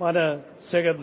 meine sehr